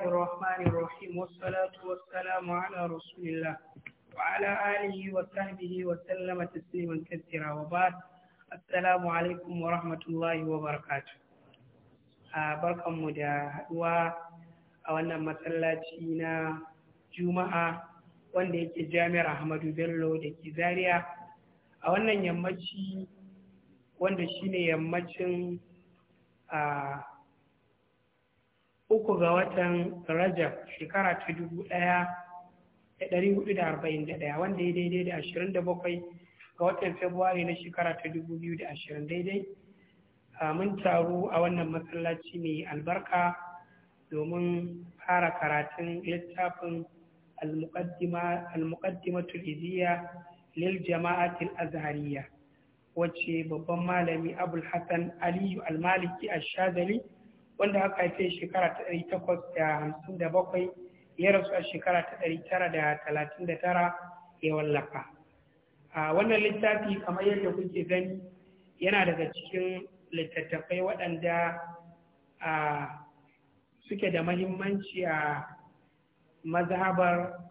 الله الرحمن الرحيم والصلاة والسلام على رسول الله وعلى آله وصحبه وسلم تسليما كثيرا وبعد السلام عليكم ورحمة الله وبركاته بركة مدى هدوى أولا مسألة na جمعة وانديك yake رحمد بلو ديك زاريا أولا يمجي a wannan wanda shine yammacin uku ga watan rajab shekara ta dubu ɗaya da ɗari hudu da arba'in da ɗaya wanda ya daidai da ashirin da bakwai ga watan Fabrairu na shekara ta dubu biyu da ashirin daidai mun taru a wannan masallaci mai albarka domin fara karatun littafin al-muqaddimatul iziya lil jama'atil azhariya wacce babban malami abul hassan aliyu al-maliki ash wanda aka haife shekara ta ɗari takwas da hamsin da bakwai ya rasu a shekara ta ɗari tara da talatin da tara ya wallafa a wannan littafi kamar yadda kuke gani yana daga cikin littattafai waɗanda suke da mahimmanci a mazhabar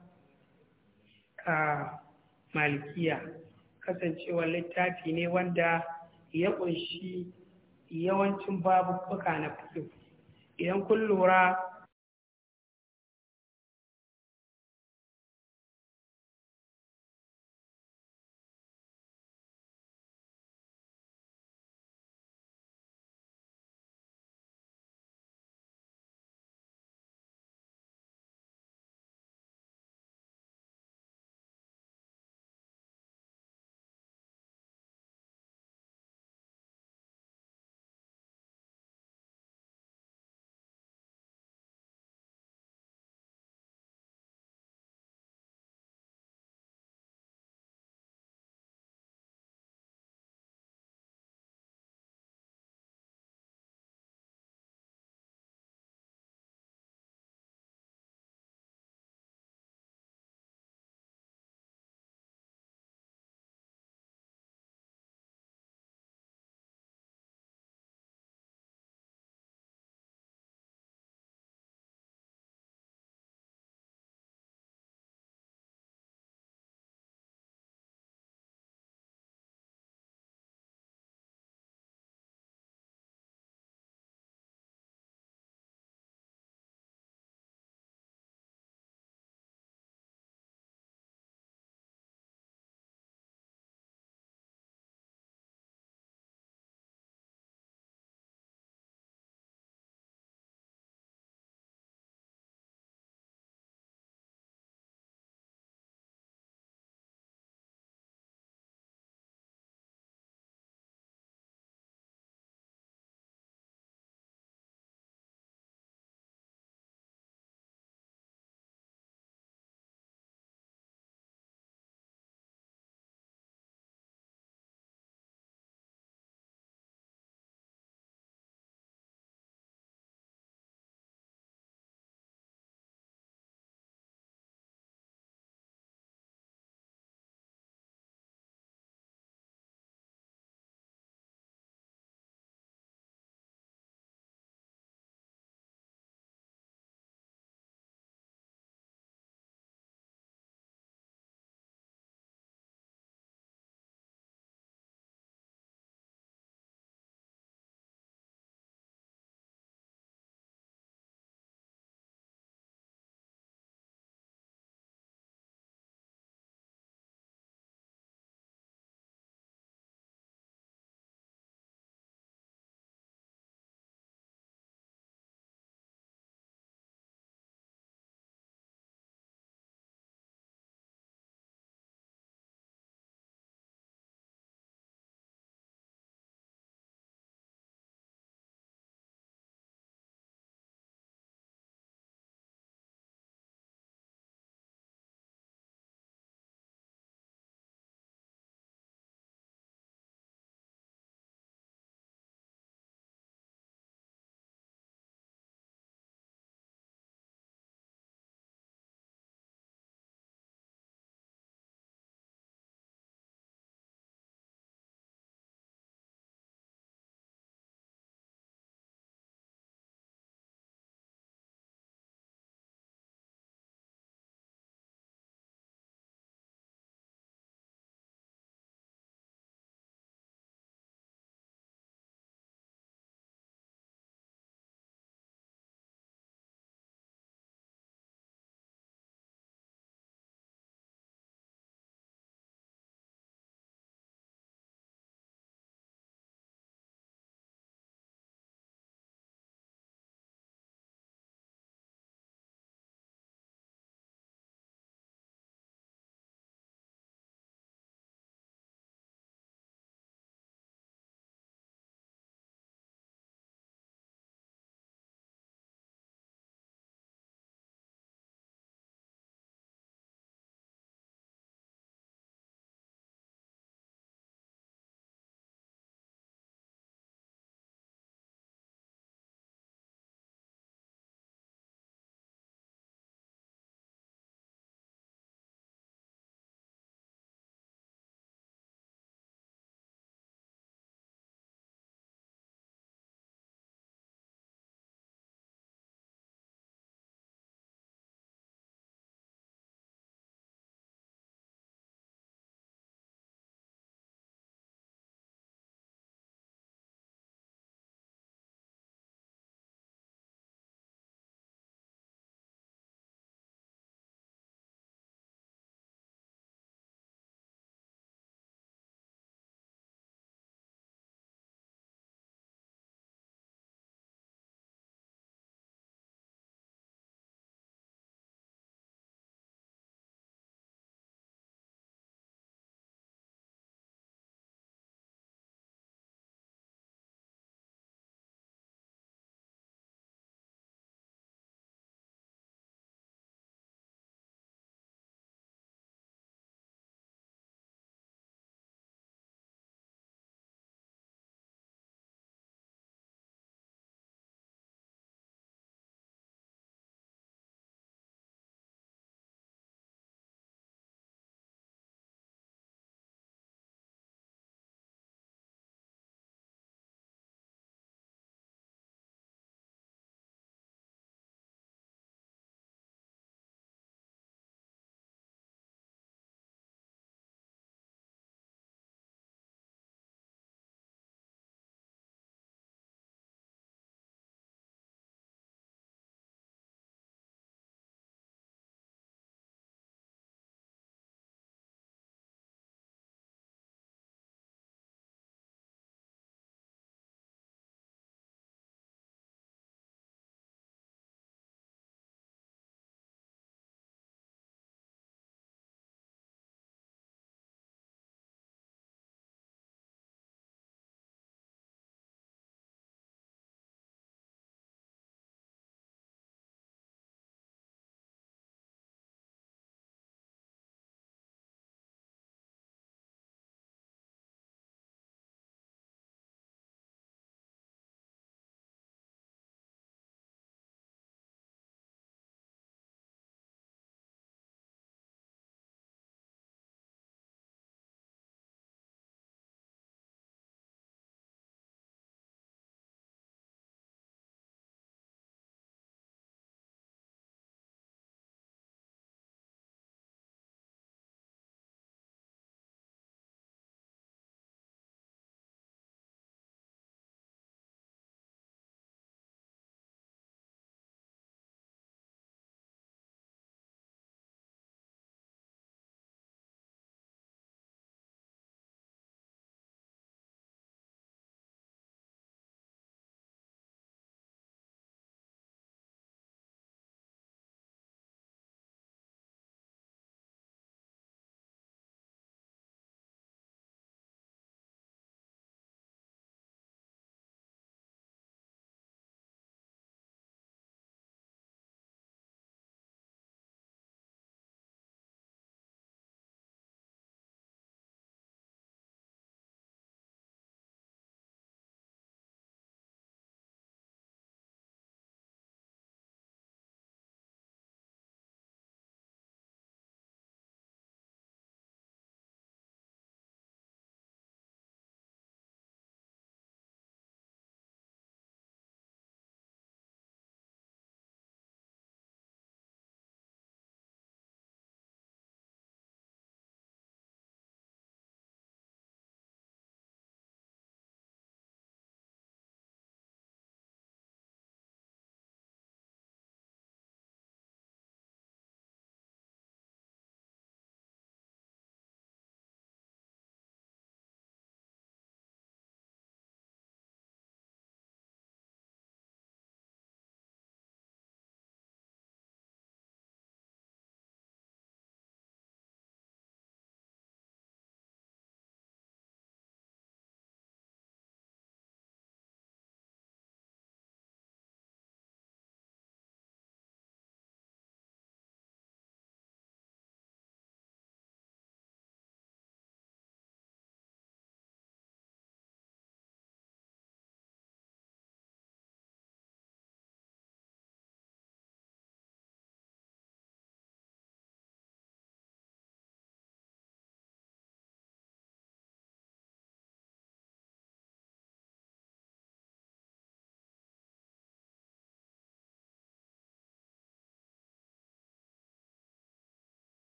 malikiya kasancewar littafi ne wanda ya ƙunshi yawancin babu na fiƙi idan kun lura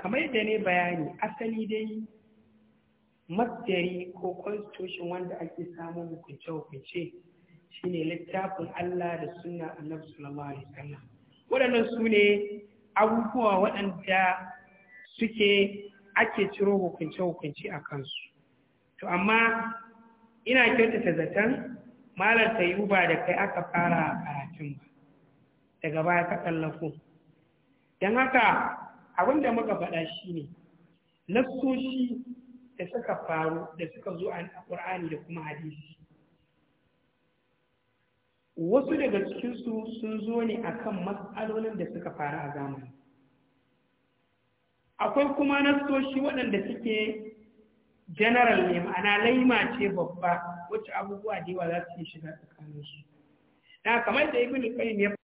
kamar yadda ne bayani asali dai masjari ko constitution wanda ake samun hukunce-hukunce Shi ne littafin Allah da sunna annabi sallallahu alaihi wasallam waɗannan su ne abubuwa waɗanda suke ake ciro hukunce-hukunce a kansu to amma ina kyautata zaton malar yi ba da kai aka fara a karatun ba daga baya ka tsallako don haka abin da muka faɗa shi shine nassoshi da suka faru da suka zo a ƙur'ani da kuma hadisi wasu daga cikinsu sun zo ne a kan matsalolin da suka faru a zamani akwai kuma soshi waɗanda suke general ne ma'ana laima ce babba wacce abubuwa da yawa za su yi shiga tsakanin shi na kamar da ibn qayyim ya